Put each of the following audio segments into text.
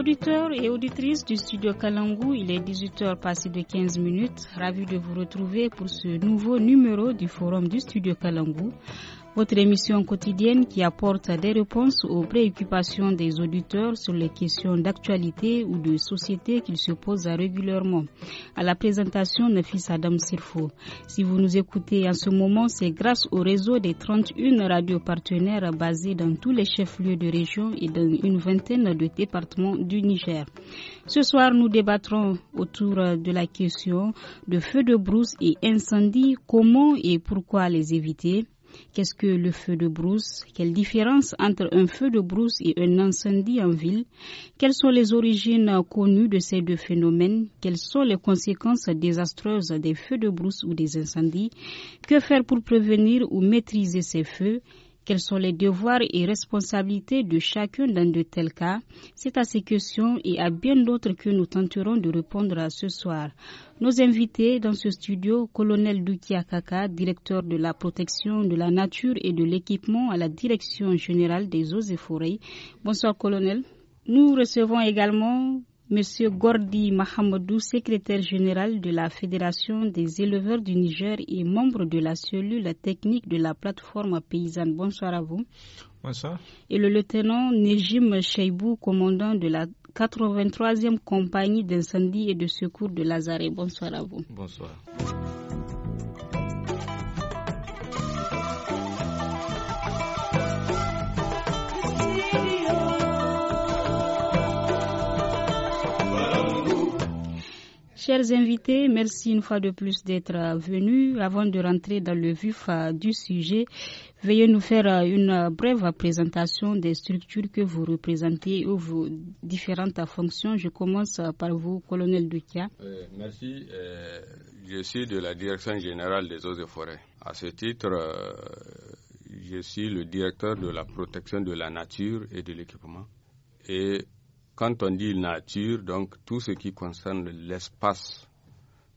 Auditeurs et auditrices du studio Kalangou, il est 18h passé de 15 minutes. Ravi de vous retrouver pour ce nouveau numéro du forum du studio Kalangou votre émission quotidienne qui apporte des réponses aux préoccupations des auditeurs sur les questions d'actualité ou de société qu'ils se posent régulièrement. À la présentation, fils Adam Sirfo. Si vous nous écoutez en ce moment, c'est grâce au réseau des 31 radios partenaires basés dans tous les chefs-lieux de région et dans une vingtaine de départements du Niger. Ce soir, nous débattrons autour de la question de feux de brousse et incendies, comment et pourquoi les éviter Qu'est-ce que le feu de brousse Quelle différence entre un feu de brousse et un incendie en ville Quelles sont les origines connues de ces deux phénomènes Quelles sont les conséquences désastreuses des feux de brousse ou des incendies Que faire pour prévenir ou maîtriser ces feux quels sont les devoirs et responsabilités de chacun dans de tels cas C'est à ces questions et à bien d'autres que nous tenterons de répondre à ce soir. Nos invités dans ce studio, colonel Duki Akaka, directeur de la protection de la nature et de l'équipement à la direction générale des eaux et forêts. Bonsoir colonel. Nous recevons également Monsieur Gordi Mahamadou, secrétaire général de la Fédération des éleveurs du Niger et membre de la cellule technique de la plateforme paysanne. Bonsoir à vous. Bonsoir. Et le lieutenant Nejim Cheibou, commandant de la 83e compagnie d'incendie et de secours de Lazare. Bonsoir à vous. Bonsoir. Chers invités, merci une fois de plus d'être venus. Avant de rentrer dans le vif euh, du sujet, veuillez nous faire euh, une brève présentation des structures que vous représentez ou vos différentes fonctions. Je commence euh, par vous, colonel Dukia. merci. je suis de la Direction générale des eaux et forêts. À ce titre, je suis le directeur de la protection de la nature et de l'équipement. Et quand on dit nature, donc tout ce qui concerne l'espace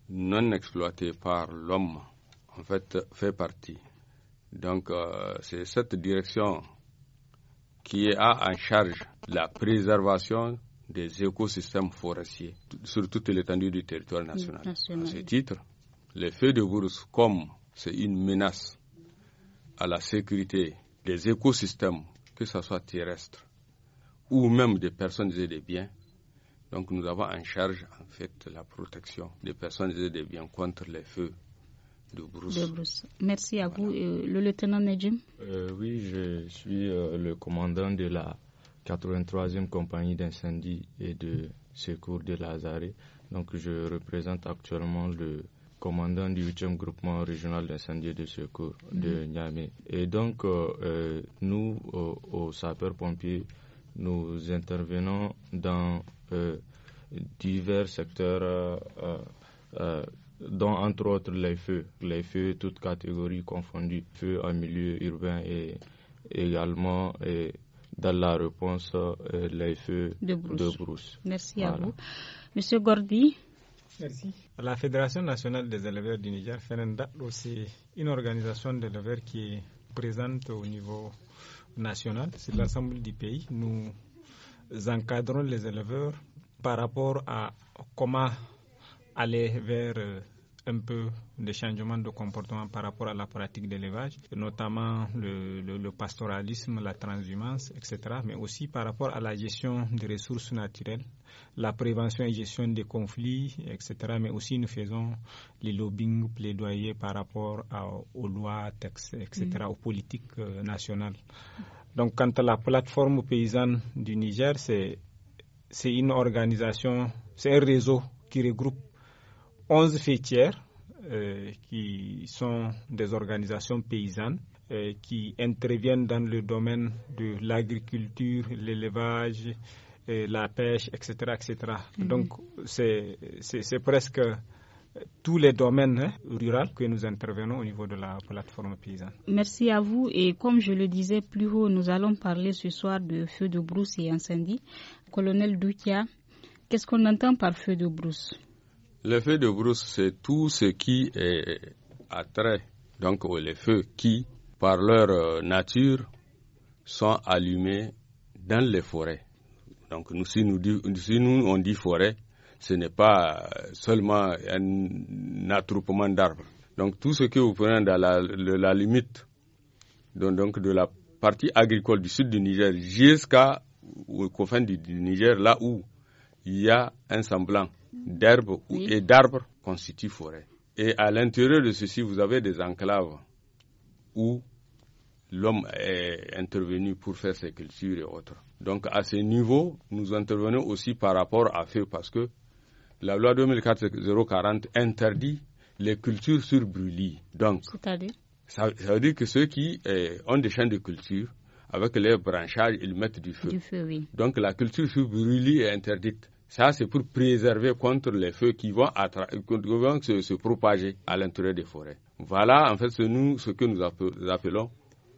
non exploité par l'homme, en fait, fait partie. Donc, euh, c'est cette direction qui a en charge la préservation des écosystèmes forestiers sur toute l'étendue du territoire national. À ce titre, les feux de bourse, comme c'est une menace à la sécurité des écosystèmes, que ce soit terrestre, ou même des personnes et des biens. Donc nous avons en charge en fait la protection des personnes et des biens contre les feux de brousse. Merci à vous. Euh, le lieutenant Nedjim euh, Oui, je suis euh, le commandant de la 83e compagnie d'incendie et de secours de Lazare. Donc je représente actuellement le commandant du 8e groupement régional d'incendie et de secours de mhm. Niamey. Et donc nous, aux sapeurs-pompiers, nous intervenons dans euh, divers secteurs, euh, euh, dont entre autres les feux, les feux toutes catégories confondues, feux en milieu urbain et également et dans la réponse les feux de brousse. Merci à vous. Monsieur Gordy. Merci. La Fédération nationale des éleveurs du Niger, FENENDA, c'est une organisation d'éleveurs qui présente au niveau nationale, sur l'ensemble du pays. Nous encadrons les éleveurs par rapport à comment aller vers euh, un peu des changements de comportement par rapport à la pratique d'élevage, notamment le, pastoralisme, la transhumance, etc., mais aussi par rapport à la gestion des ressources naturelles, la prévention et gestion des conflits, etc., mais aussi nous faisons les lobbying plaidoyers par rapport aux lois, textes, etc., mm-hmm. aux politiques euh, nationales. Donc, quant à la plateforme paysanne du Niger, c'est une organisation, c'est un réseau qui regroupe 11 fêtières euh, qui sont des organisations paysannes euh, qui interviennent dans le domaine de l'agriculture, l'élevage, euh, la pêche, etc. etc. Mhm. Donc c'est presque tous les domaines hein, ruraux que nous intervenons au niveau de la plateforme paysanne. Merci à vous et comme je le disais plus haut, nous allons parler ce soir de feux de brousse et incendie. Colonel Doutia, qu'est-ce qu'on entend par feu de brousse feu de brousse, c'est tout ce qui est attrait, donc euh, les feux qui, par leur euh, nature, sont allumés dans les forêts. Donc nous, si, nous, si nous on dit forêt, ce n'est pas euh, seulement un attroupement d'arbres. Donc tout ce que vous prenez dans la, limite, donc, de la partie agricole du sud du Niger jusqu'à au confins du Niger, là où il y a un semblant d'herbe et d'arbres constituent forêt. Et à l'intérieur de ceci, vous avez des enclaves où l'homme est intervenu pour faire ses cultures et autres. Donc à ce niveau, nous intervenons aussi par rapport à feu parce que la loi 2004 interdit les cultures sur brûlis. Donc, ça, veut dire que ceux qui eh, ont des champs de culture, avec les branchages, ils mettent du feu. Donc la culture sur brûlis est interdite. Ça, c'est pour préserver contre les feux qui vont, se, propager à l'intérieur des forêts. Voilà, en fait, ce, nous, ce que nous appelons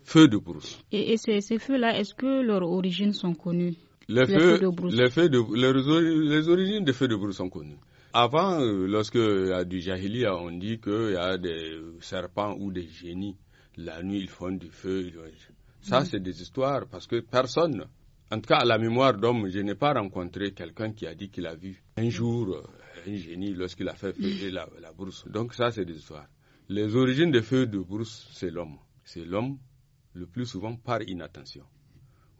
feux de brousse. Et, ces, feux-là, est-ce que leurs origines sont connues les, feux, de brousse. les, origines des feux de brousse sont connues. Avant, euh, lorsque y a du jahiliya, hein, on dit qu'il y a des serpents ou des génies. La nuit, ils font du feu. Ça, mm. c'est des histoires parce que personne en tout cas, à la mémoire d'homme, je n'ai pas rencontré quelqu'un qui a dit qu'il a vu un jour euh, un génie lorsqu'il a fait feuiller la, bourse. Donc ça, c'est des histoires. Les origines des feux de bourse, c'est l'homme. C'est l'homme, le plus souvent par inattention.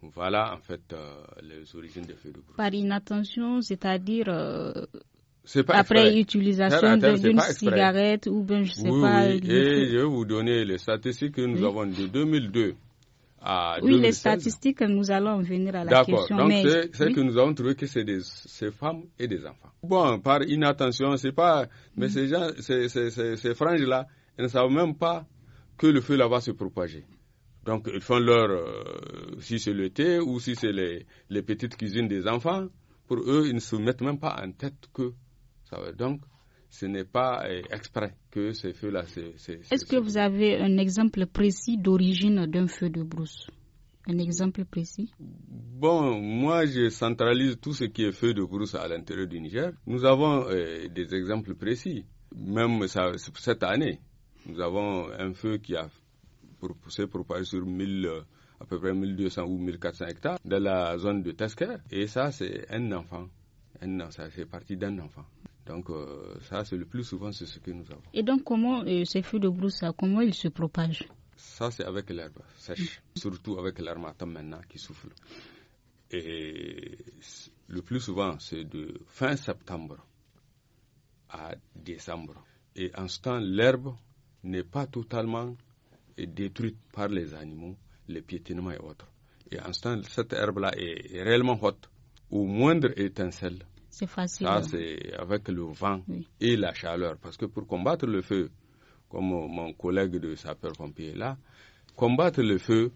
Voilà, en fait, euh, les origines des feux de bourse. Par inattention, c'est-à-dire... Euh, après utilisation d'une cigarette ou bien je sais pas. Oui. Et je vais vous donner les statistiques que nous avons de 2002 oui, les statistiques, nous allons venir à la question. D'accord, donc c'est que nous avons trouvé que c'est des femmes et des enfants. Bon, par inattention, c'est pas... Mais mm. ces gens, ces, ces, ces, franges-là, elles ne savent même pas que le feu là va se propager. Donc, ils font leur... Euh, si c'est le thé ou si c'est les, les petites cuisines des enfants, pour eux, ils ne se mettent même pas en tête que... Ça va. donc ce n'est pas euh, exprès que ces feux-là. Est-ce que vous avez un exemple précis d'origine d'un feu de brousse un exemple précis Bon, moi, je centralise tout ce qui est feu de brousse à l'intérieur du Niger. Nous avons euh, des exemples précis. Même cette année, nous avons un feu qui a poussé, propagé sur 1000, euh, à peu près 1200 ou 1400 hectares dans la zone de Tesker. Et ça, c'est un enfant. ça fait partie d'un enfant. Donc euh, ça, c'est le plus souvent ce que nous avons. Et donc comment euh, ces feux de brousse, comment ils se propagent Ça, c'est avec l'herbe sèche, surtout avec l'herbe maintenant qui souffle. Et le plus souvent, c'est de fin septembre à décembre. Et en ce temps, l'herbe n'est pas totalement euh, détruite par les animaux, les piétinements et autres. Et en ce temps, cette herbe-là est réellement haute. Au moindre étincelle, c'est facile. Ça, c'est avec le vent et la chaleur. Parce que pour combattre le feu, comme mon collègue de sapeur-pompier là, combattre le feu,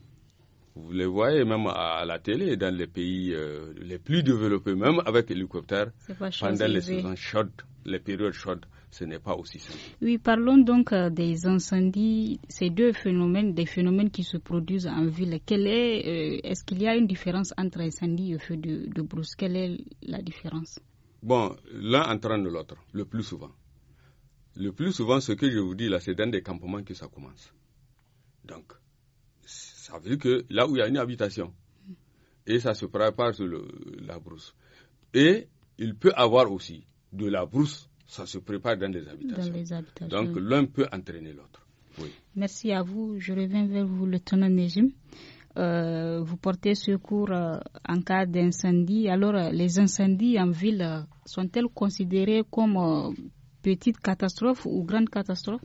vous le voyez même à la télé, dans les pays euh, les plus développés, même avec hélicoptère, pendant les saisons chaudes, les périodes chaudes, ce n'est pas aussi simple. Oui, parlons donc euh, des incendies, ces deux phénomènes, des phénomènes qui se produisent en ville. Quelle est, euh, est-ce qu'il y a une différence entre incendie et feu de brousse Quelle est la différence Bon, l'un entraîne l'autre, le plus souvent. Le plus souvent, ce que je vous dis là, c'est dans des campements que ça commence. Donc, ça veut dire que là où il y a une habitation, et ça se prépare sur la brousse. Et il peut avoir aussi de la brousse, ça se prépare dans des habitations. Donc, l'un peut entraîner l'autre. Merci à vous. Je reviens vers vous, le tonnerre Nejim. Euh, vous portez secours euh, en cas d'incendie. Alors, euh, les incendies en ville sont-elles considérées comme petites catastrophes ou grandes catastrophes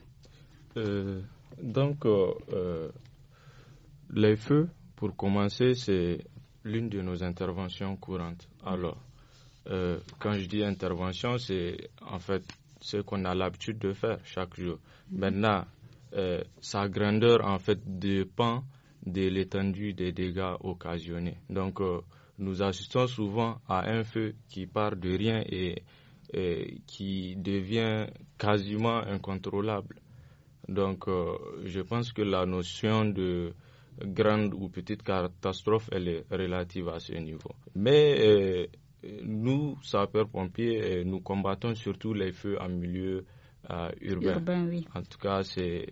Donc, les feux, pour commencer, c'est l'une de nos interventions courantes. Alors, quand je dis intervention, c'est en fait ce qu'on a l'habitude de faire chaque jour. Mm-hmm. Maintenant, sa grandeur en fait dépend de l'étendue des dégâts occasionnés. Donc, euh, nous assistons souvent à un feu qui part de rien et, qui devient quasiment incontrôlable. Donc, euh, je pense que la notion de grande ou petite catastrophe, elle est relative à ce niveau. Mais euh, nous, sapeurs-pompiers, nous combattons surtout les feux en milieu euh, urbain. En tout cas, c'est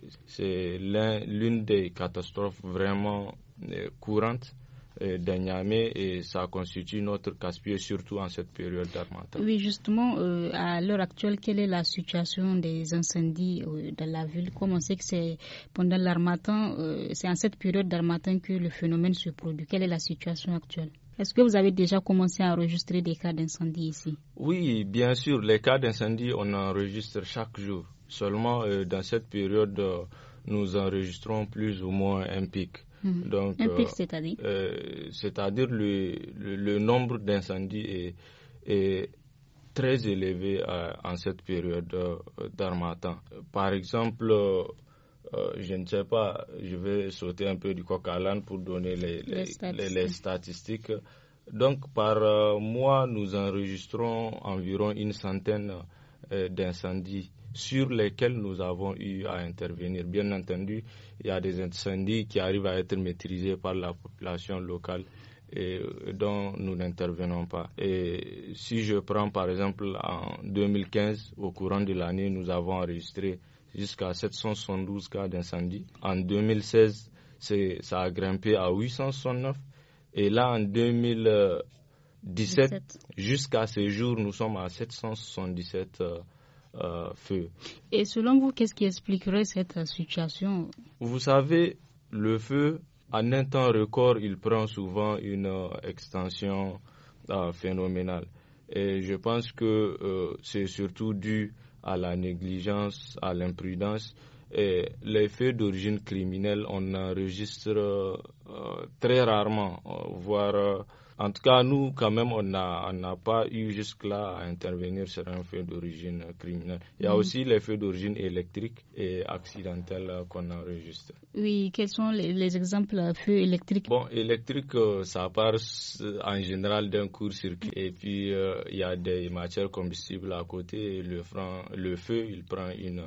l'une des catastrophes vraiment euh, courantes euh, d'un et ça constitue notre casse-pied, surtout en cette période d'armata. Oui, justement, à l'heure actuelle, quelle est la situation des incendies dans la ville Comment c'est que c'est pendant l'armatan, c'est en cette période d'armatan que le phénomène se produit. Quelle est la situation actuelle est-ce que vous avez déjà commencé à enregistrer des cas d'incendie ici Oui, bien sûr, les cas d'incendie, on enregistre chaque jour. Seulement, euh, dans cette période, euh, nous enregistrons plus ou moins un pic. Mhm. un pic, euh, c'est-à-dire C'est-à-dire le, le, nombre d'incendies est, est très élevé en cette période d'armatan. Par exemple, euh, je ne sais pas, je vais sauter un peu du coq à l'âne pour donner les, statistiques. Donc, par euh, mois, nous enregistrons environ une centaine euh, d'incendies sur lesquels nous avons eu à intervenir. Bien entendu, il y a des incendies qui arrivent à être maîtrisés par la population locale et dont nous n'intervenons pas. Et si je prends par exemple en 2015, au courant de l'année, nous avons enregistré jusqu'à 772 cas d'incendie. En 2016, ça a grimpé à 869. Et là, en 2017, jusqu'à ce jour, nous sommes à 777 euh, euh, feux. Et selon vous, qu'est-ce qui expliquerait cette situation Vous savez, le feu, en un temps record, il prend souvent une euh, extension phénoménale. Et je pense que c'est surtout dû à la négligence, à l'imprudence. Et les faits d'origine criminelle, on enregistre euh, très rarement, euh, voire euh, en tout cas, nous, quand même, on n'a on pas eu jusque-là à intervenir sur un feu d'origine criminelle. Il y a mm. aussi les feux d'origine électrique et accidentelle qu'on enregistre. Oui, quels sont les, exemples de feux électriques Bon, électrique, euh, ça part en général d'un court-circuit. Et puis, euh, il y a des matières combustibles à côté. le, le feu, il prend une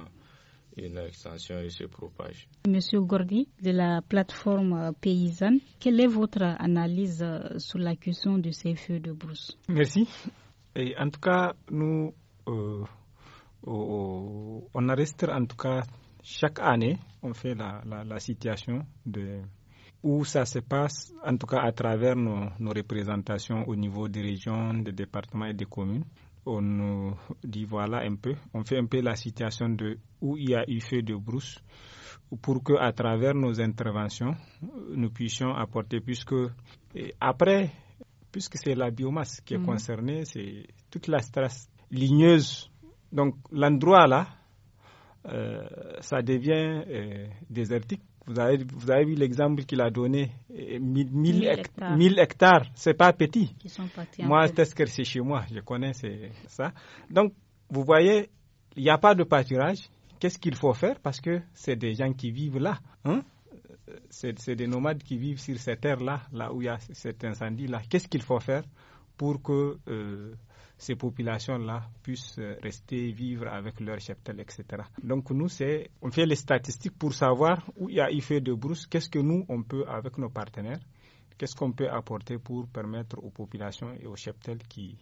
une extension et se propage. Monsieur Gordy, de la plateforme paysanne, quelle est votre analyse euh, sur la question de ces feux de brousse Merci. Et en tout cas, nous, euh, on arrête en tout cas chaque année, on fait la, situation de où ça se passe, en tout cas à travers nos représentations au niveau des régions, des départements et des communes on euh, dit voilà un peu, on fait un peu la situation de où il y a eu fait de brousse pour que à travers nos interventions nous puissions apporter puisque après puisque c'est la biomasse qui est mhm. concernée, c'est toute la strasse ligneuse. Donc l'endroit là, euh, ça devient euh, désertique. Vous avez, vu l'exemple qu'il a donné, 1000 eh, eh, hectares, ce n'est pas petit. moi, Tesker, c'est chez moi, je connais ça. Donc, vous voyez, il n'y a pas de pâturage. Qu'est-ce qu'il faut faire Parce que c'est des gens qui vivent là. Hein? Euh, c'est des nomades qui vivent sur cette terre là là où il y a cet incendie-là. Qu'est-ce qu'il faut faire pour que euh, ces populations-là puissent euh, rester vivre avec leur cheptels, etc. Donc nous, c'est, on fait les statistiques pour savoir où il y a effet de brousse, qu'est-ce que nous, on peut avec nos partenaires, qu'est-ce qu'on peut apporter pour permettre aux populations et aux cheptels qui,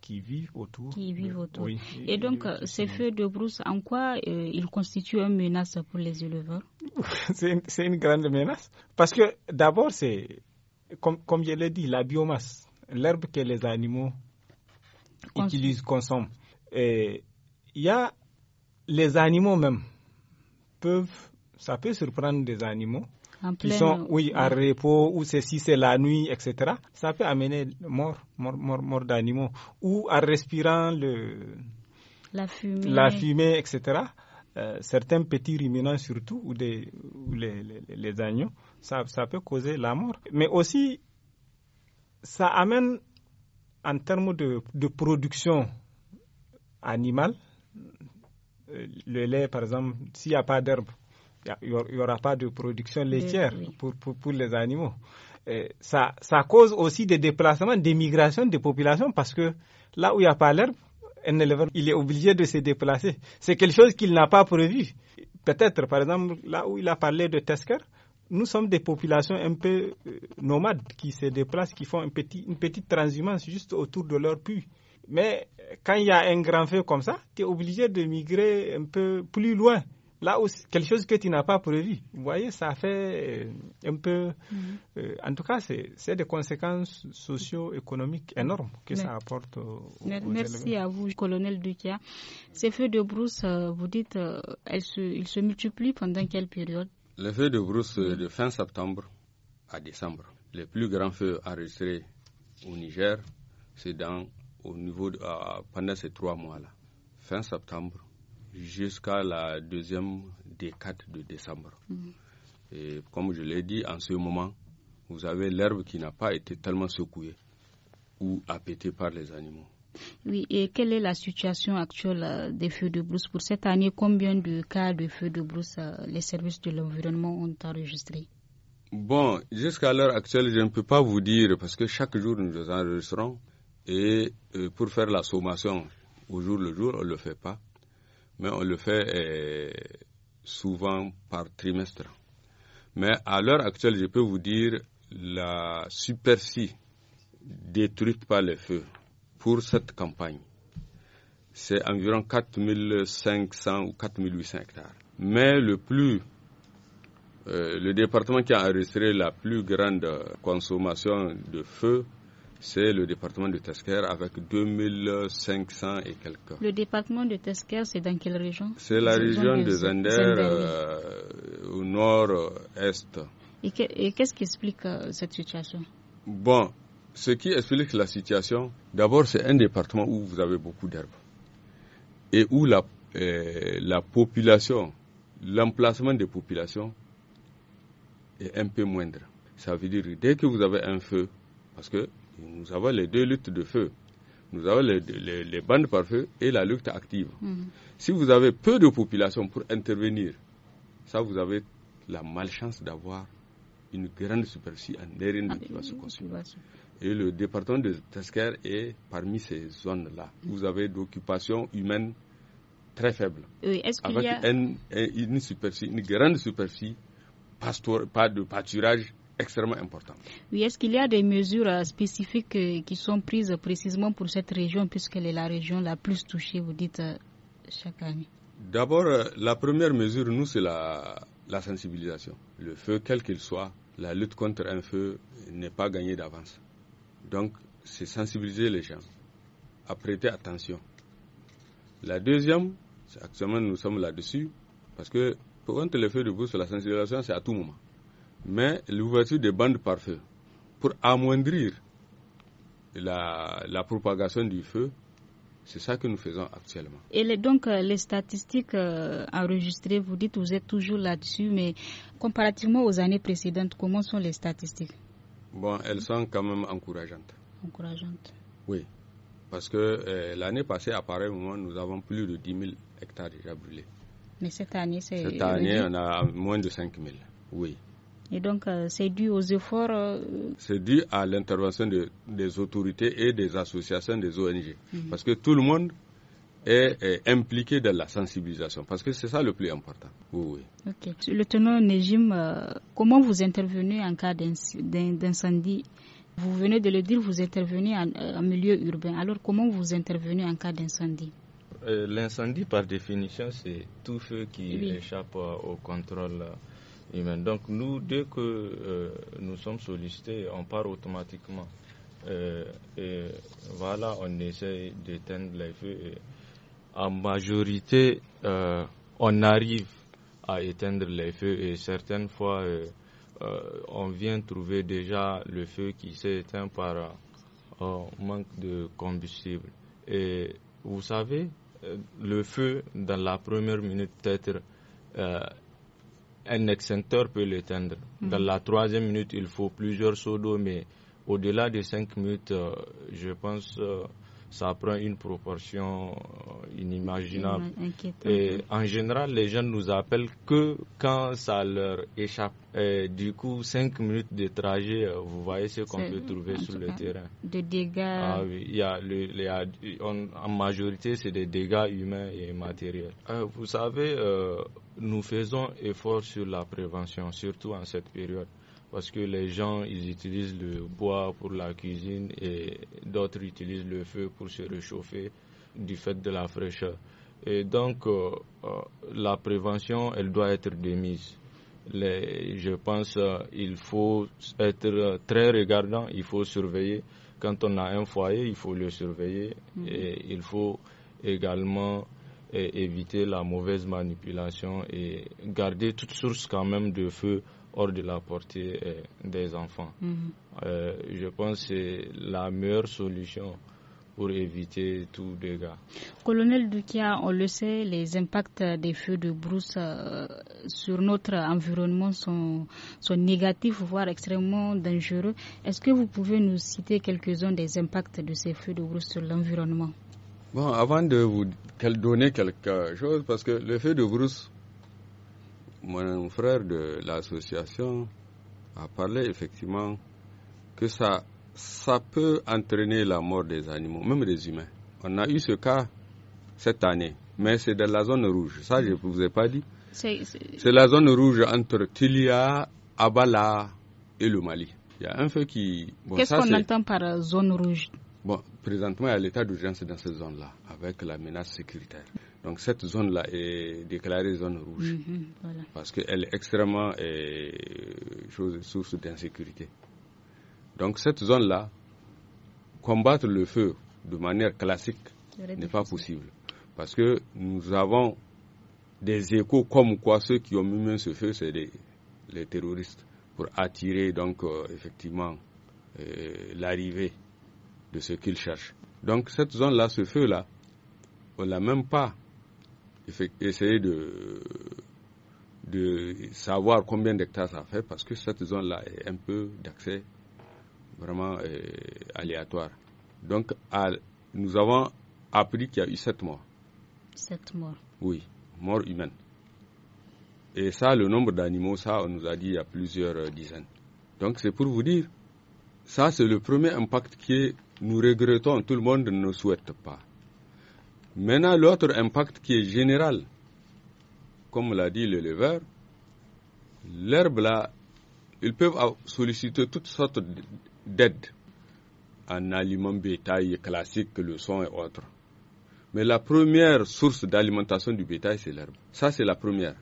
qui vivent autour. Qui vivent autour. et, donc, euh, ces feux de brousse, en quoi ils constituent une menace pour les éleveurs C'est une, une, grande menace. Parce que d'abord, c'est, comme, comme je l'ai dit, la biomasse l'herbe que les animaux utilisent, consomment. Il y a les animaux même peuvent, ça peut surprendre des animaux qui sont, oui, en repos ou ceci c'est la nuit, etc. Ça peut amener mort, mort, mort, d'animaux ou en respirant le la fumée, etc. Euh, certains petits ruminants surtout ou, des, les, les agneaux, ça, ça peut causer la mort. Mais aussi ça amène en termes de, production animale, euh, le lait par exemple, s'il n'y a pas d'herbe, il n'y aura pas de production laitière pour, pour, les animaux. ça, ça cause aussi des déplacements, des migrations des populations parce que là où il n'y a pas l'herbe, un éleveur, il est obligé de se déplacer. C'est quelque chose qu'il n'a pas prévu. Peut-être, par exemple, là où il a parlé de Tesker, nous sommes des populations un peu euh, nomades qui se déplacent, qui font un petit, une petite transhumance juste autour de leur puits. Mais quand il y a un grand feu comme ça, tu es obligé de migrer un peu plus loin. Là où quelque chose que tu n'as pas prévu. Vous voyez, ça fait euh, un peu. Mm-hmm. Euh, en tout cas, c'est des conséquences socio-économiques énormes que ça apporte aux, Merci à vous, colonel Dukia. Ces feux de brousse, vous dites, ils se multiplient pendant quelle période le feu de brousse mm. de fin septembre à décembre, les plus grands feux enregistrés au Niger, c'est dans au niveau pendant ces trois mois-là, fin septembre jusqu'à la deuxième décade de décembre. Mm. Et comme je l'ai dit, en ce moment, vous avez l'herbe qui n'a pas été tellement secouée ou appétée par les animaux. Oui, et quelle est la situation actuelle euh, des feux de brousse pour cette année Combien de cas de feux de brousse euh, les services de l'environnement ont enregistré Bon, jusqu'à l'heure actuelle, je ne peux pas vous dire parce que chaque jour nous enregistrons et euh, pour faire la sommation au jour le jour, on ne le fait pas. Mais on le fait souvent par trimestre. Mais à l'heure actuelle, je peux vous dire la superficie détruite par les feux pour cette campagne, c'est environ 4500 ou 4800 hectares. Mais le plus, euh, le département qui a enregistré la plus grande consommation de feu, c'est le département de Tesker avec 2500 et quelques. Le département de Tesker, c'est dans quelle région C'est la région, de Zender, euh, au nord-est. Et qu'est-ce qui explique euh, cette situation Bon, ce qui explique la situation, d'abord, c'est un département où vous avez beaucoup d'herbes et où la, eh, population, l'emplacement des populations est un peu moindre. Ça veut dire que dès que vous avez un feu, parce que nous avons les deux luttes de feu, nous avons les, bandes par feu et la lutte active. Mm-hmm. Si vous avez peu de population pour intervenir, ça vous avez la malchance d'avoir une grande superficie en aérienne qui va se ah, ben consumer. Et le département de Tesker est parmi ces zones-là. Vous avez d'occupation humaine très faible. Avec Une, grande superficie, pas de pâturage extrêmement important. Oui, est-ce qu'il y a des mesures euh, spécifiques euh, qui sont prises précisément pour cette région, puisqu'elle est la région la plus touchée, vous dites, euh, chaque année D'abord, la première mesure, nous, c'est la, la sensibilisation. Le feu, quel qu'il soit, la lutte contre un feu n'est pas gagnée d'avance. Donc, c'est sensibiliser les gens à prêter attention. La deuxième, actuellement nous sommes là-dessus, parce que pour un téléphone de bourse, la sensibilisation, c'est à tout moment. Mais l'ouverture des bandes par feu, pour amoindrir la, propagation du feu, c'est ça que nous faisons actuellement. Et donc, euh, les statistiques euh, enregistrées, vous dites, vous êtes toujours là-dessus, mais comparativement aux années précédentes, comment sont les statistiques bon, elles sont quand même encourageantes. Encourageantes. Oui, parce que euh, l'année passée, à pareil moment, nous avons plus de 10 000 hectares déjà brûlés. Mais cette année, c'est... Cette année, on a moins de 5 000, oui. Et donc, euh, c'est dû aux efforts... Euh, c'est dû à l'intervention des autorités et des associations des ONG. Mhm. Parce que tout le monde est, impliqué dans la sensibilisation, parce que c'est ça le plus important. Oui, Le tenant Nejim, euh, comment vous intervenez en cas d'incendie Vous venez de le dire, vous intervenez euh, en, milieu urbain. Alors comment vous intervenez en cas d'incendie euh, L'incendie, par définition, c'est tout feu qui échappe au contrôle. humain. Donc nous, dès que nous sommes sollicités, on part automatiquement. et voilà, on essaie d'éteindre les feux et en majorité, euh, on arrive à éteindre les feux et certaines fois, euh, euh, on vient trouver déjà le feu qui s'est éteint par manque de combustible. Et vous savez, le feu, dans la première minute, peut-être, un extincteur peut l'éteindre. Mm-hmm. Dans la troisième minute, il faut plusieurs seaux d'eau, mais au-delà de cinq minutes, je pense ça prend une proportion euh, inimaginable. Et en général, les jeunes nous appellent que quand ça leur échappe. du coup, cinq minutes de trajet, euh, vous voyez ce qu'on peut trouver sur le terrain. De dégâts. Ah oui, il y a on, en majorité, c'est des dégâts humains et matériels. Euh, vous savez, nous faisons effort sur la prévention, surtout en cette période parce que les gens, ils utilisent le bois pour la cuisine et d'autres utilisent le feu pour se réchauffer du fait de la fraîcheur. Et donc, euh, euh, la prévention, elle doit être démise. je pense qu'il euh, faut être très regardant, il faut surveiller. Quand on a un foyer, il faut le surveiller mm-hmm. et il faut également éviter la mauvaise manipulation et garder toute source quand même de feu hors de la portée euh, des enfants. Mhm. Euh, je pense que c'est la meilleure solution pour éviter tout dégât. Colonel Dukia, on le sait, les impacts des feux de brousse euh, sur notre environnement sont, sont négatifs, voire extrêmement dangereux. Est-ce que vous pouvez nous citer quelques-uns des impacts de ces feux de brousse sur l'environnement Bon, avant de vous donner quelque chose, parce que le feux de brousse, mon frère de l'association a parlé effectivement que ça, peut entraîner la mort des animaux, même des humains. On a eu ce cas cette année, mais c'est dans la zone rouge. Ça, je ne vous ai pas dit. C'est la zone rouge entre Tilia, Abala et le Mali. Il y a un feu qui. Qu'est-ce qu'on entend par zone rouge Bon, présentement, il y a l'état d'urgence dans cette zone-là, avec la menace sécuritaire. Donc cette zone-là est déclarée zone rouge mhm, parce qu'elle est extrêmement euh, chose, source d'insécurité. Donc cette zone-là, combattre le feu de manière classique n'est pas possible parce que nous avons des échos comme quoi ceux qui ont mis ce feu, c'est les terroristes pour attirer donc euh, effectivement euh, l'arrivée de ce qu'ils cherchent. Donc cette zone-là, ce feu-là, on l'a même pas essayer de, de savoir combien d'hectares ça fait parce que cette zone-là est un peu d'accès vraiment euh, aléatoire. Donc, nous avons appris qu'il y a eu sept morts. Sept morts Oui, morts humaines. Et ça, le nombre d'animaux, ça, on nous a dit il y a plusieurs euh, dizaines. Donc, c'est pour vous dire, ça, c'est le premier impact que nous regrettons, tout le monde ne souhaite pas. Maintenant, l'autre impact qui est général, comme l'a dit l'éleveur, l'herbe là, ils peuvent solliciter toutes sortes d'aides en aliments bétail classique, le sang et autres. Mais la première source d'alimentation du bétail, c'est l'herbe. Ça, c'est la première.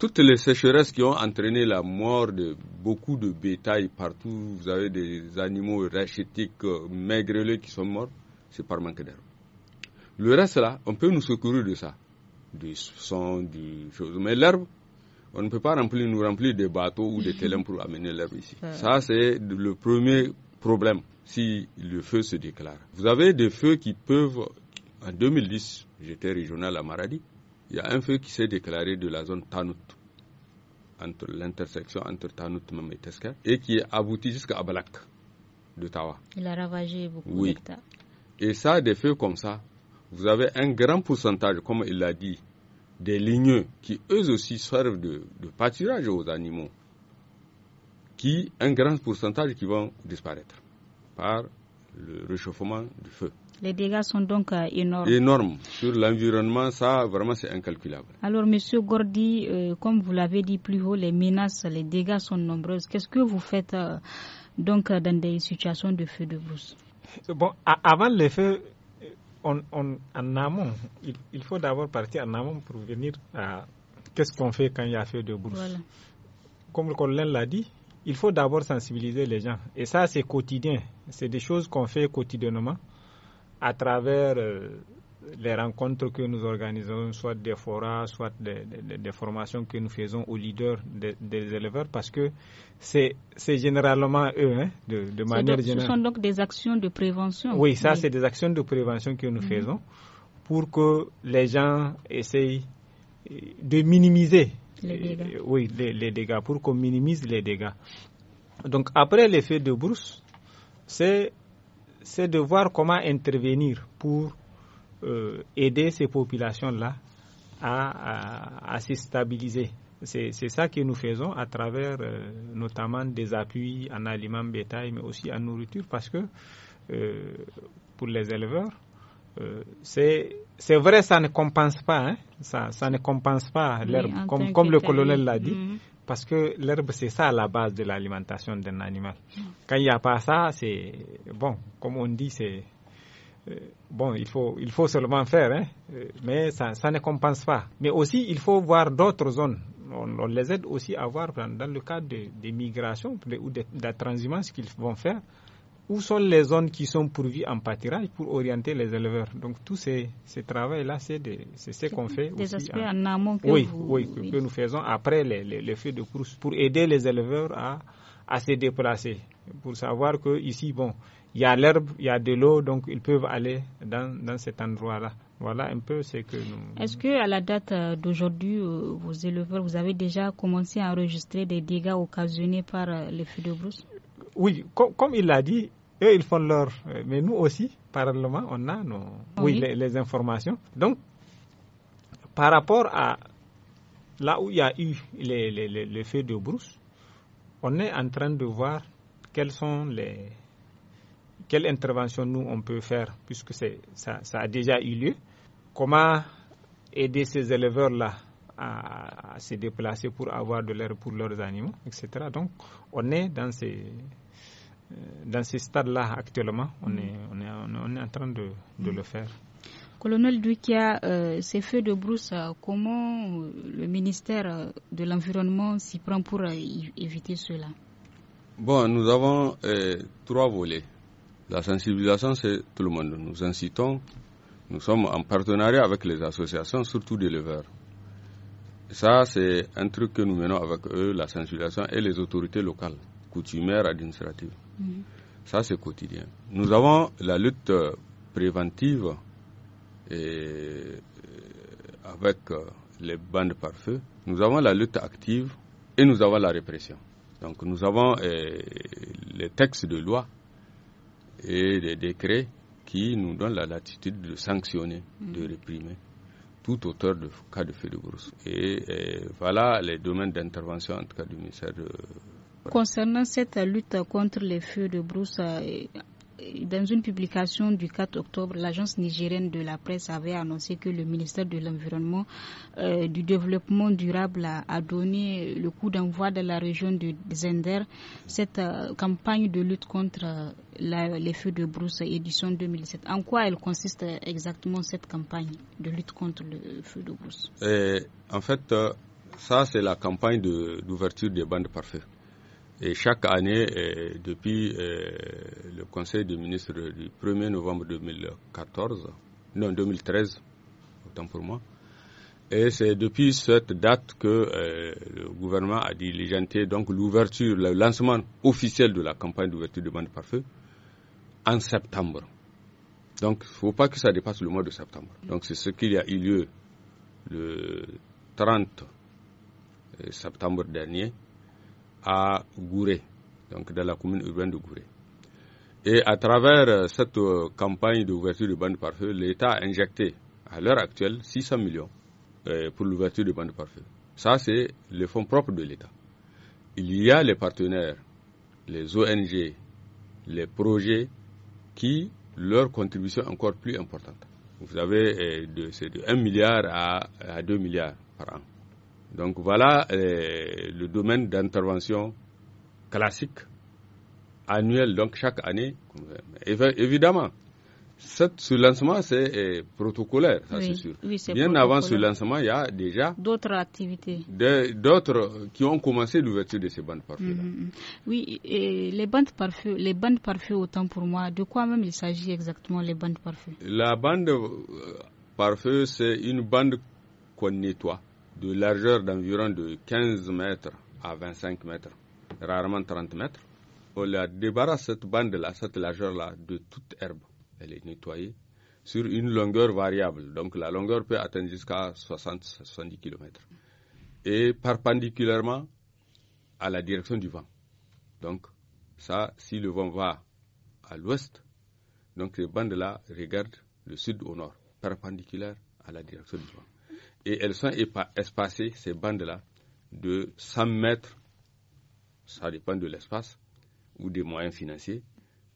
Toutes les sécheresses qui ont entraîné la mort de beaucoup de bétail partout, vous avez des animaux rachitiques, euh, maigreleux qui sont morts, c'est par manque d'herbe. Le reste là, on peut nous secourir de ça, du son, des choses. Mais l'herbe, on ne peut pas remplir, nous remplir des bateaux ou des mhm. télèmes pour amener l'herbe ici. Ça, c'est le premier problème si le feu se déclare. Vous avez des feux qui peuvent. En 2010, j'étais régional à Maradi. Il y a un feu qui s'est déclaré de la zone Tanout, entre l'intersection entre Tanout et Tesker et qui est abouti jusqu'à Balak de Tawa. Il a ravagé beaucoup oui. Et ça, des feux comme ça, vous avez un grand pourcentage, comme il l'a dit, des lignes qui eux aussi servent de, de pâturage aux animaux, qui, un grand pourcentage qui vont disparaître par le réchauffement du feu. Les dégâts sont donc euh, énormes. Énormes. Sur l'environnement, ça, vraiment, c'est incalculable. Alors, Monsieur Gordy, euh, comme vous l'avez dit plus haut, les menaces, les dégâts sont nombreux. Qu'est-ce que vous faites euh, donc dans des situations de feu de brousse Bon, avant les feux, on, en amont, il, faut d'abord partir en amont pour venir à qu'est-ce qu'on fait quand il y a fait de bourse. Comme le colonel l'a dit, il faut d'abord sensibiliser les gens. Et ça, c'est quotidien. C'est des choses qu'on fait quotidiennement à travers euh, les rencontres que nous organisons, soit des forats, soit des, formations que nous faisons aux leaders des, éleveurs, parce que c'est généralement eux, hein, de, manière générale. Ce sont donc des actions de prévention. Oui, ça, c'est des actions de prévention que nous mhm. faisons pour que les gens essayent euh, de minimiser les euh, dégâts. Euh, oui, les, dégâts, pour qu'on minimise les dégâts. Donc après l'effet de c'est c'est de voir comment intervenir pour euh, aider ces populations-là à, à, se stabiliser. C'est ça que nous faisons à travers euh, notamment des appuis en aliments bétail, mais aussi en nourriture, parce que euh, pour les éleveurs, euh, c'est vrai, ça ne compense pas, hein, ça, ça, ne compense pas l'herbe, comme, comme le colonel l'a dit, mm-hmm. parce que l'herbe, c'est ça la base de l'alimentation d'un animal. Mm. Quand il n'y a pas ça, c'est, bon, comme on dit, c'est euh, bon, il faut, il faut seulement faire, hein, euh, mais ça, ça, ne compense pas. Mais aussi, il faut voir d'autres zones. On, les aide aussi à voir, dans le cadre des migrations ou des de ce qu'ils vont faire, où sont les zones qui sont pourvues en pâturage pour orienter les éleveurs. Donc, tout ce, travail-là, c'est ce qu'on fait. Des aspects en, amont que, oui, oui, que, nous faisons après les, les, de course pour aider les éleveurs à, à se déplacer. Pour savoir que ici, bon, il y a l'herbe, il y a de l'eau, donc ils peuvent aller dans, dans cet endroit-là. Voilà un peu ce que nous. Est-ce que à la date euh, d'aujourd'hui, euh, vos éleveurs, vous avez déjà commencé à enregistrer des dégâts occasionnés par euh, les feux de brousse Oui, comme il l'a dit, eux ils font leur, mais nous aussi, parallèlement, on a nos, oui. les, informations. Donc, par rapport à là où il y a eu les, les, les feux de brousse, on est en train de voir quels sont les, quelle intervention nous on peut faire puisque ça, a déjà eu lieu. Comment aider ces éleveurs-là à, se déplacer pour avoir de l'air pour leurs animaux, etc. Donc on est dans ce euh, stade là actuellement. Mm. On, est, en train de, mm. le faire. Colonel Dukia, euh, ces feux de brousse, euh, comment le ministère de l'Environnement s'y prend pour éviter cela Bon, nous avons trois volets. La sensibilisation, c'est tout le monde. Nous incitons, nous sommes en partenariat avec les associations, surtout d'éleveurs. Ça, c'est un truc que nous menons avec eux, la sensibilisation et les autorités locales, coutumières, administratives. Mm-hmm. Ça, c'est quotidien. Nous avons la lutte préventive euh, avec euh, les bandes par feu. Nous avons la lutte active et nous avons la répression. Donc nous avons euh, les textes de loi et des décrets qui nous donnent la latitude de sanctionner, de mm. réprimer tout auteur de cas de feu de brousse. Et, voilà les domaines d'intervention en tout cas du ministère de... Concernant cette lutte contre les feux de brousse, euh, dans une publication du 4 octobre, l'agence nigérienne de la presse avait annoncé que le ministère de l'Environnement, euh, du Développement durable a, donné le coup d'envoi de la région de Zender cette euh, campagne de lutte contre euh, les feux de brousse édition 2007. En quoi elle consiste exactement cette campagne de lutte contre le feu de brousse En fait, ça c'est la campagne d'ouverture des bandes parfaites. Et chaque année, euh, depuis euh, le Conseil des ministres du 1er novembre 2014, non 2013, autant pour moi, et c'est depuis cette date que euh, le gouvernement a diligenté donc l'ouverture, le lancement officiel de la campagne d'ouverture de bande par feu en septembre. Donc, il ne faut pas que ça dépasse le mois de septembre. Donc, c'est ce qu'il y a eu lieu le 30 septembre dernier à Gouré, donc dans la commune urbaine de Gouré. Et à travers euh, cette euh, campagne d'ouverture de bandes Par feu l'État a injecté à l'heure actuelle 600 millions euh, pour l'ouverture de bandes de feu Ça, c'est le fonds propre de l'État. Il y a les partenaires, les ONG, les projets qui, leur contribution encore plus importante. Vous avez de, de 1 milliard à 2 milliards par an. Donc voilà euh, le domaine d'intervention classique, annuel, donc chaque année. Évidemment, ce lancement, c'est euh, protocolaire, ça c'est sûr. Bien avant ce lancement, il y a déjà d'autres activités. D'autres qui ont commencé l'ouverture de ces bandes par mm-hmm, mm-hmm. oui, et les bandes par les bandes autant pour moi, de quoi même il s'agit exactement, les bandes par La bande euh, par c'est une bande qu'on nettoie de largeur d'environ de 15 mètres à 25 mètres, rarement 30 mètres. On la débarrasse, cette bande-là, cette largeur-là, de toute herbe. Elle est nettoyée sur une longueur variable. Donc la longueur peut atteindre jusqu'à 60-70 km. Et perpendiculairement à la direction du vent. Donc ça, si le vent va à l'ouest, donc les bandes-là regardent le sud au nord, perpendiculaire à la direction du vent et elles sont espacées, ces bandes-là, de 100 mètres, ça dépend de l'espace ou des moyens financiers,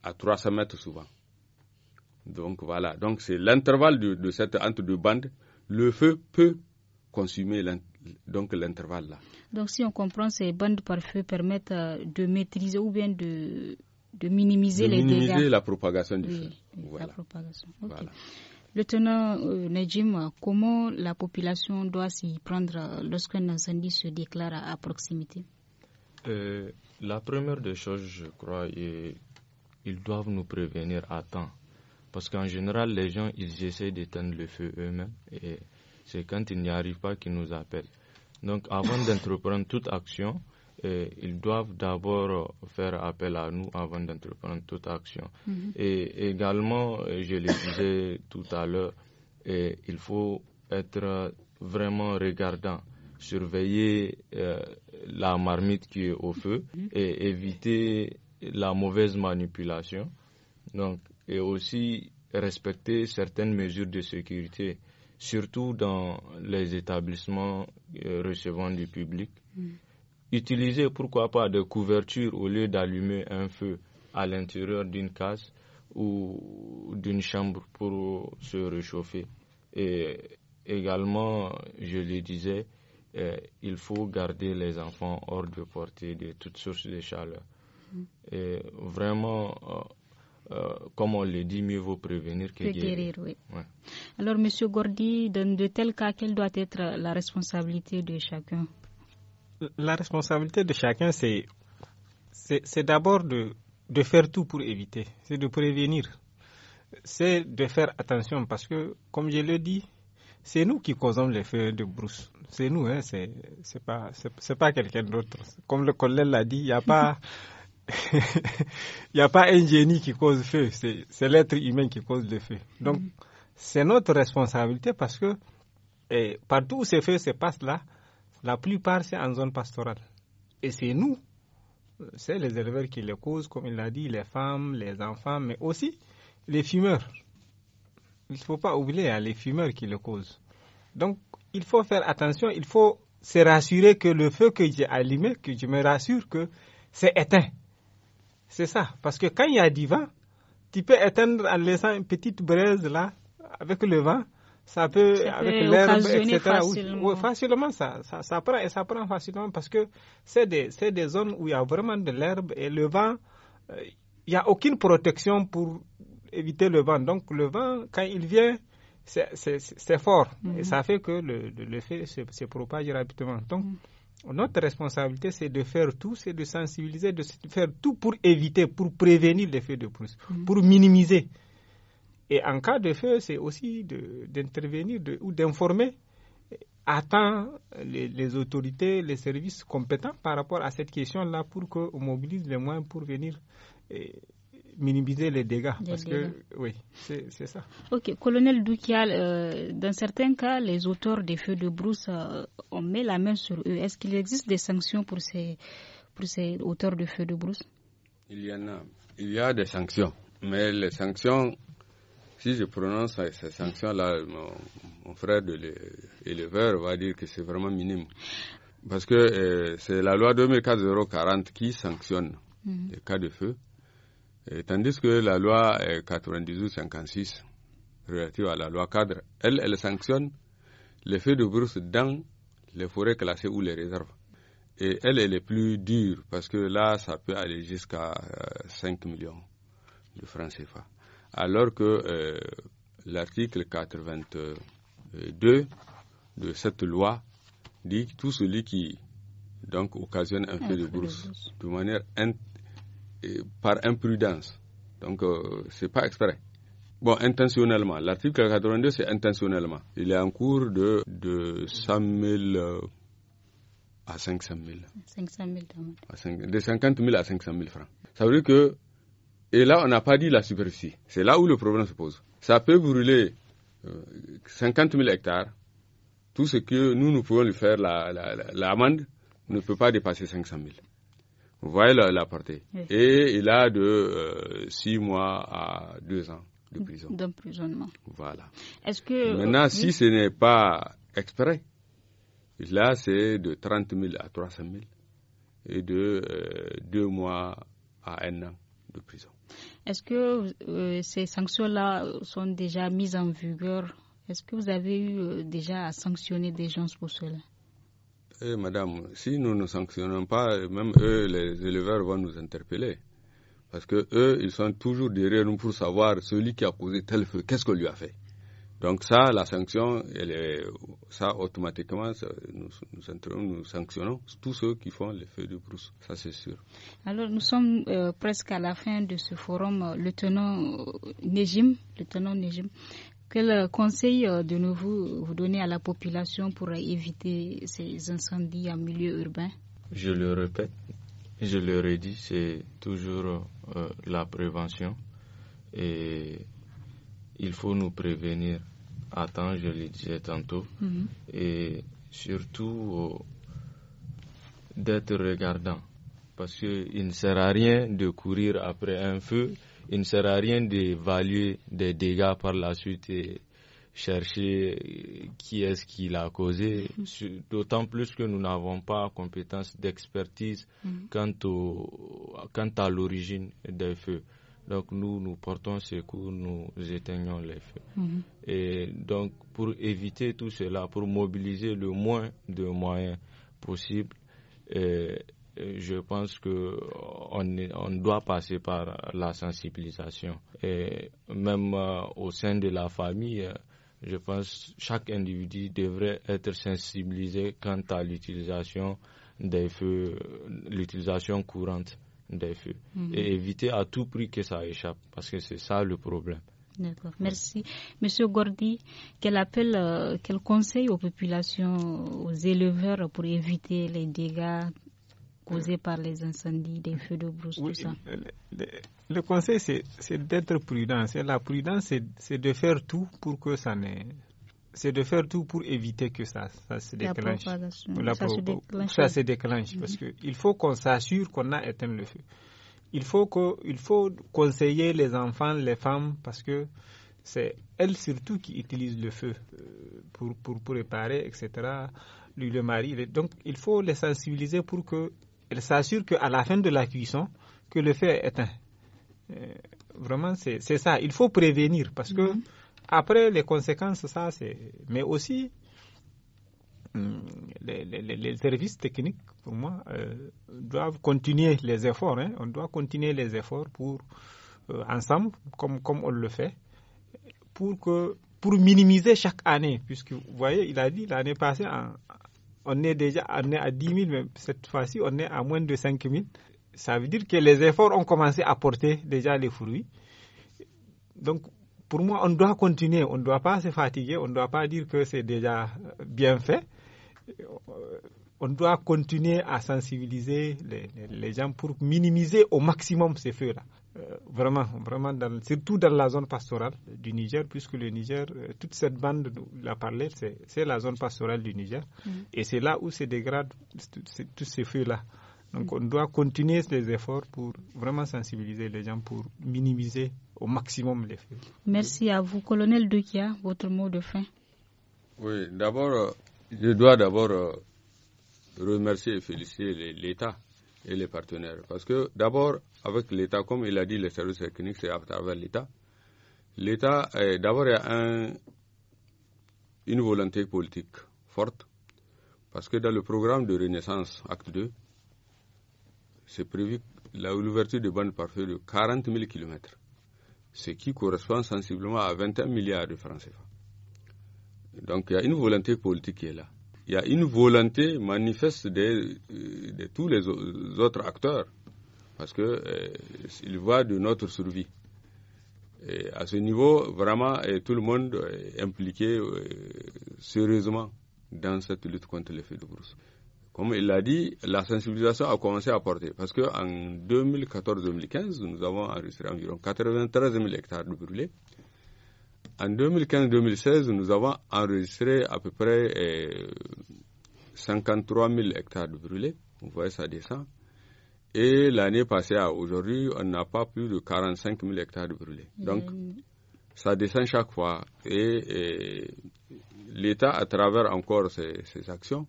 à 300 mètres souvent. Donc voilà, donc c'est l'intervalle de, cette entre deux bandes. Le feu peut consumer donc l'intervalle là. Donc si on comprend, ces bandes par feu permettent euh, de maîtriser ou bien de, minimiser de les minimiser la propagation du feu. La propagation. Lieutenant euh, Najim, comment la population doit s'y prendre euh, lorsqu'un incendie se déclare à, proximité euh, La première des choses, je crois, est ils doivent nous prévenir à temps. Parce qu'en général, les gens, ils essaient d'éteindre le feu eux-mêmes et c'est quand ils n'y arrivent pas qu'ils nous appellent. Donc avant d'entreprendre toute action, euh, ils doivent d'abord euh, faire appel à nous avant d'entreprendre toute action. Mhm. Et également, euh, je le disais tout à l'heure, il faut être vraiment regardant, surveiller la marmite qui est au feu mhm. et éviter la mauvaise manipulation. Donc, et aussi respecter certaines mesures de sécurité, surtout dans les établissements recevant du public. Mhm utiliser pourquoi pas des couvertures au lieu d'allumer un feu à l'intérieur d'une case ou d'une chambre pour se réchauffer. Et également, je le disais, eh, il faut garder les enfants hors de portée de toutes sources de chaleur. Mm. Et vraiment, euh, euh, comme on le dit, mieux vaut prévenir que guérir. Alors, Monsieur Gordy, dans de tels cas, quelle doit être la responsabilité de chacun la responsabilité de chacun, c'est, d'abord de, de faire tout pour éviter, c'est de prévenir, c'est de faire attention parce que, comme je le dis, c'est nous qui causons les feux de brousse. C'est nous, hein, c'est, pas, quelqu'un d'autre. Comme le collègue l'a dit, il n'y a pas, un génie qui cause feu, c'est, l'être humain qui cause le feu. Donc, mm-hmm. c'est notre responsabilité parce que, eh, partout où ces feux se passent là, la plupart, c'est en zone pastorale. Et c'est nous, c'est les éleveurs qui le causent, comme il l'a dit, les femmes, les enfants, mais aussi les fumeurs. Il ne faut pas oublier hein, les fumeurs qui le causent. Donc, il faut faire attention, il faut se rassurer que le feu que j'ai allumé, que je me rassure que c'est éteint. C'est ça. Parce que quand il y a du vent, tu peux éteindre en laissant une petite braise là, avec le vent, ça peut, avec l'herbe, etc. Facilement. Oui, facilement, ça, ça, ça, prend, et ça prend facilement parce que c'est des, des, zones où il y a vraiment de l'herbe et le vent, euh, il n'y a aucune protection pour éviter le vent. Donc le vent, quand il vient, c'est fort et mhm. ça fait que le, le se, se, propage rapidement. Donc, mhm. notre responsabilité, c'est de faire tout, c'est de sensibiliser, de faire tout pour éviter, pour prévenir l'effet de pousse, mhm. pour minimiser et en cas de feu, c'est aussi d'intervenir ou d'informer euh, à temps les, autorités, les services compétents par rapport à cette question-là pour qu'on mobilise les moyens pour venir euh, minimiser les dégâts. parce que, oui, c'est ça. Ok, colonel Doukial, euh, dans certains cas, les auteurs des feux de brousse, ont on met la main sur eux. Est-ce qu'il existe des sanctions pour ces, pour ces auteurs de feux de brousse Il y en a. Il y a des sanctions. Mais les sanctions si je prononce ces sanctions-là, mon, frère de l'éleveur va dire que c'est vraiment minime. Parce que euh, c'est la loi 2004-040 qui sanctionne mm-hmm. les cas de feu, tandis que la loi 98-56, euh, relative à la loi cadre, elle, elle sanctionne les feux de brousse dans les forêts classées ou les réserves. Et elle, est est plus dure parce que là, ça peut aller jusqu'à 5 euh, millions de francs CFA alors que euh, l'article 82 de cette loi dit que tout celui qui donc occasionne un, de bourse de manière euh, par imprudence, donc euh, c'est pas exprès. Bon, intentionnellement. L'article 82, c'est intentionnellement. Il est en cours de, de 100 000 à 500 000. 500 000 de 50 000 à 500 000 francs. Ça veut dire que et là, on n'a pas dit la superficie. C'est là où le problème se pose. Ça peut brûler 50 euh, 000 hectares. Tout ce que nous, nous pouvons lui faire, l'amende, la, ne peut pas dépasser 500 000. Vous voyez la, portée. Et il a de 6 euh, mois à 2 ans de prison. D'emprisonnement. Voilà. Est-ce que... Euh, Maintenant, si ce n'est pas exprès, là, c'est de 30 000 à 300 000 et de 2 mois à 1 an de prison. Est-ce que euh, ces sanctions-là sont déjà mises en vigueur Est-ce que vous avez eu euh, déjà à sanctionner des gens pour cela eh, Madame, si nous ne sanctionnons pas, euh, même eux, les éleveurs vont nous interpeller. Parce que eux, ils sont toujours derrière nous pour savoir celui qui a posé tel feu, qu'est-ce qu'on lui a fait donc ça, la sanction, elle ça automatiquement, nous, nous, sanctionnons tous ceux qui font les feux de brousse, ça c'est sûr. Alors nous sommes euh, presque à la fin de ce forum. Euh, le tenant euh, Nejim, le tenant quel conseil de nouveau vous donnez à la population pour éviter ces incendies en milieu urbain Je le répète, je le redis, c'est toujours la prévention et il faut nous prévenir Attends, je le disais tantôt, mhm. et surtout euh, d'être regardant. Parce qu'il ne sert à rien de courir après un feu, il ne sert à rien d'évaluer des dégâts par la suite et chercher euh, qui est-ce qui l'a causé, mhm. d'autant plus que nous n'avons pas compétence d'expertise mhm. quant, quant à l'origine des feux. Donc nous, nous portons secours, nous éteignons les feux. Mhm. Et donc pour éviter tout cela, pour mobiliser le moins de moyens possible, euh, euh, je pense qu'on on, doit passer par la sensibilisation. Et même euh, au sein de la famille, je pense que chaque individu devrait être sensibilisé quant à l'utilisation des feux, l'utilisation courante des feux mm-hmm. et éviter à tout prix que ça échappe parce que c'est ça le problème. D'accord, merci. Monsieur Gordy, quel appel, euh, quel conseil aux populations, aux éleveurs pour éviter les dégâts causés par les incendies, des feux de brousse, tout ça le, le conseil, c'est d'être prudent. La prudence, c'est de faire tout pour que ça ne, c'est de faire tout pour éviter que ça, ça se déclenche. ça, se déclenche. ça, se déclenche. Parce mhm. qu'il faut qu'on s'assure qu'on a éteint le feu. Il faut, que, il faut conseiller les enfants, les femmes, parce que c'est elles surtout qui utilisent le feu euh, pour, pour, pour etc. Lui, le mari. Donc, il faut les sensibiliser pour qu'elles s'assurent qu'à la fin de la cuisson, que le feu est éteint. Euh, vraiment, c'est ça. Il faut prévenir parce que mhm. Après, les conséquences, ça, c'est. Mais aussi, hum, les, services techniques, pour moi, euh, doivent continuer les efforts. Hein. On doit continuer les efforts pour, euh, ensemble, comme, comme on le fait, pour, que, pour minimiser chaque année. Puisque, vous voyez, il a dit l'année passée, on est déjà à 10 000, mais cette fois-ci, on est à moins de 5 000. Ça veut dire que les efforts ont commencé à porter déjà les fruits. Donc, pour moi, on doit continuer, on ne doit pas se fatiguer, on ne doit pas dire que c'est déjà euh, bien fait. Euh, on doit continuer à sensibiliser les, gens pour minimiser au maximum ces feux-là. Euh, vraiment, vraiment, dans, surtout dans la zone pastorale du Niger, puisque le Niger, toute cette bande, la parlé, c'est la zone pastorale du Niger. Mm. Et c'est là où se dégradent tous ces feux-là. Donc on doit continuer ces efforts pour vraiment sensibiliser les gens, pour minimiser au maximum les Merci à vous, colonel Dukia, votre mot de fin. Oui, d'abord, euh, je dois d'abord euh, remercier et féliciter l'État et les partenaires. Parce que d'abord, avec l'État, comme il a dit, les services techniques, c'est à travers l'État. L'État, d'abord, a un, une volonté politique forte. Parce que dans le programme de Renaissance, acte 2, c'est prévu l'ouverture de bandes parfaites de 40 000 km ce qui correspond sensiblement à 21 milliards de francs CFA. Donc il y a une volonté politique qui est là. Il y a une volonté manifeste euh, de, tous les autres acteurs, parce qu'ils euh, voient de notre survie. Et à ce niveau, vraiment, tout le monde est impliqué euh, sérieusement dans cette lutte contre l'effet de brousse. Comme il l'a dit, la sensibilisation a commencé à porter. Parce qu'en 2014-2015, nous avons enregistré environ 93 000 hectares de brûlés. En 2015-2016, nous avons enregistré à peu près 53 euh, 000 hectares de brûlés. Vous voyez, ça descend. Et l'année passée à aujourd'hui, on n'a pas plus de 45 000 hectares de brûlés. Mm. Donc, ça descend chaque fois. Et, l'État, à travers encore ses actions,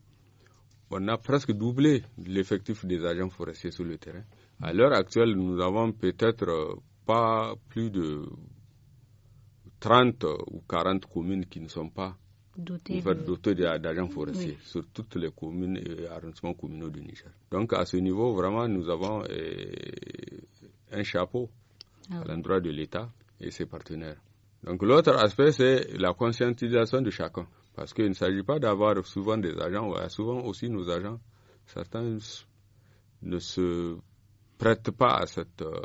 on a presque doublé l'effectif des agents forestiers sur le terrain. À l'heure actuelle, nous avons peut-être euh, pas plus de 30 ou 40 communes qui ne sont pas dotées d'agents forestiers sur toutes les communes et arrondissements communaux du Niger. Donc à ce niveau, vraiment, nous avons eh, un chapeau ah à l'endroit de l'État et ses partenaires. Donc l'autre aspect, c'est la conscientisation de chacun. Parce qu'il ne s'agit pas d'avoir souvent des agents, souvent aussi nos agents, certains ne se prêtent pas à cette, euh,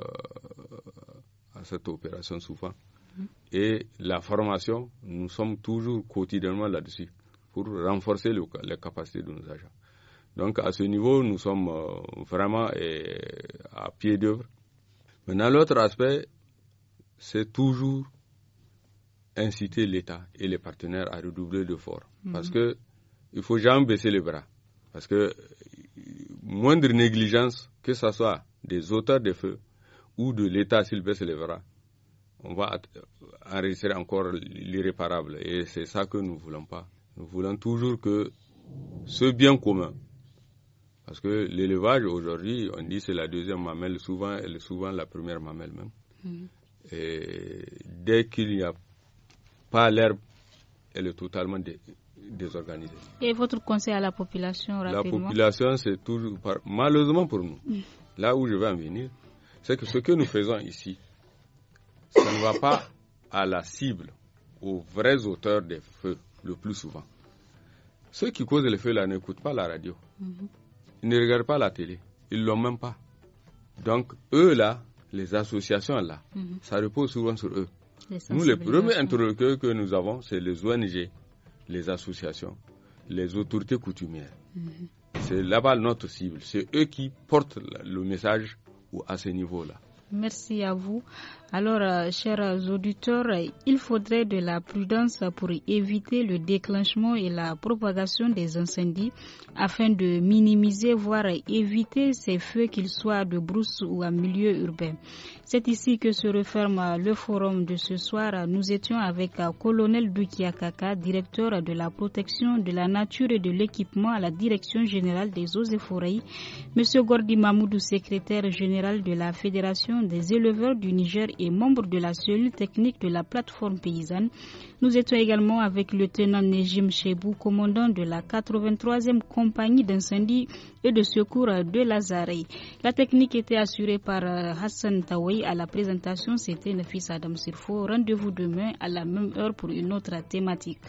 à cette opération souvent. Mm-hmm. Et la formation, nous sommes toujours quotidiennement là-dessus pour renforcer les capacités de nos agents. Donc à ce niveau, nous sommes euh, vraiment à pied d'œuvre. Maintenant, l'autre aspect, c'est toujours inciter l'État et les partenaires à redoubler d'efforts. Mhm. Parce que il faut jamais baisser les bras. Parce que moindre négligence, que ce soit des auteurs de feux ou de l'État s'il baisse les bras, on va enregistrer encore l'irréparable. Et c'est ça que nous ne voulons pas. Nous voulons toujours que ce bien commun, parce que l'élevage aujourd'hui, on dit c'est la deuxième mamelle, souvent, elle est souvent la première mamelle même. Mhm. Et dès qu'il n'y a pas l'herbe, elle est totalement désorganisée. Et votre conseil à la population La population, c'est toujours, malheureusement pour nous, mm. là où je vais en venir, c'est que ce que nous faisons ici, ça ne va pas à la cible, aux vrais auteurs des feux, le plus souvent. Ceux qui causent les feux là n'écoutent pas la radio. Mm-hmm. Ils ne regardent pas la télé. Ils ne l'ont même pas. Donc, eux là, les associations là, mm-hmm. ça repose souvent sur eux. Nous, les premiers interlocuteurs que nous avons, c'est les ONG, les associations, les autorités coutumières. Mhm. C'est là-bas notre cible. C'est eux qui portent le message à ce niveau-là. Merci à vous. Alors, euh, chers auditeurs, il faudrait de la prudence pour éviter le déclenchement et la propagation des incendies afin de minimiser, voire éviter ces feux, qu'ils soient de brousse ou en milieu urbain. C'est ici que se referme euh, le forum de ce soir. Nous étions avec le euh, Colonel Dukiakaka, directeur de la protection de la nature et de l'équipement à la Direction générale des eaux et forêts, Monsieur Gordi Mamoudou, secrétaire général de la Fédération des éleveurs du Niger et membre de la cellule technique de la plateforme paysanne. Nous étions également avec le tenant Nejim Chebou, commandant de la 83e compagnie d'incendie et de secours de Lazare. La technique était assurée par euh, Hassan Tawai. À la présentation, c'était le fils Adam Sirfo. Rendez-vous demain à la même heure pour une autre thématique.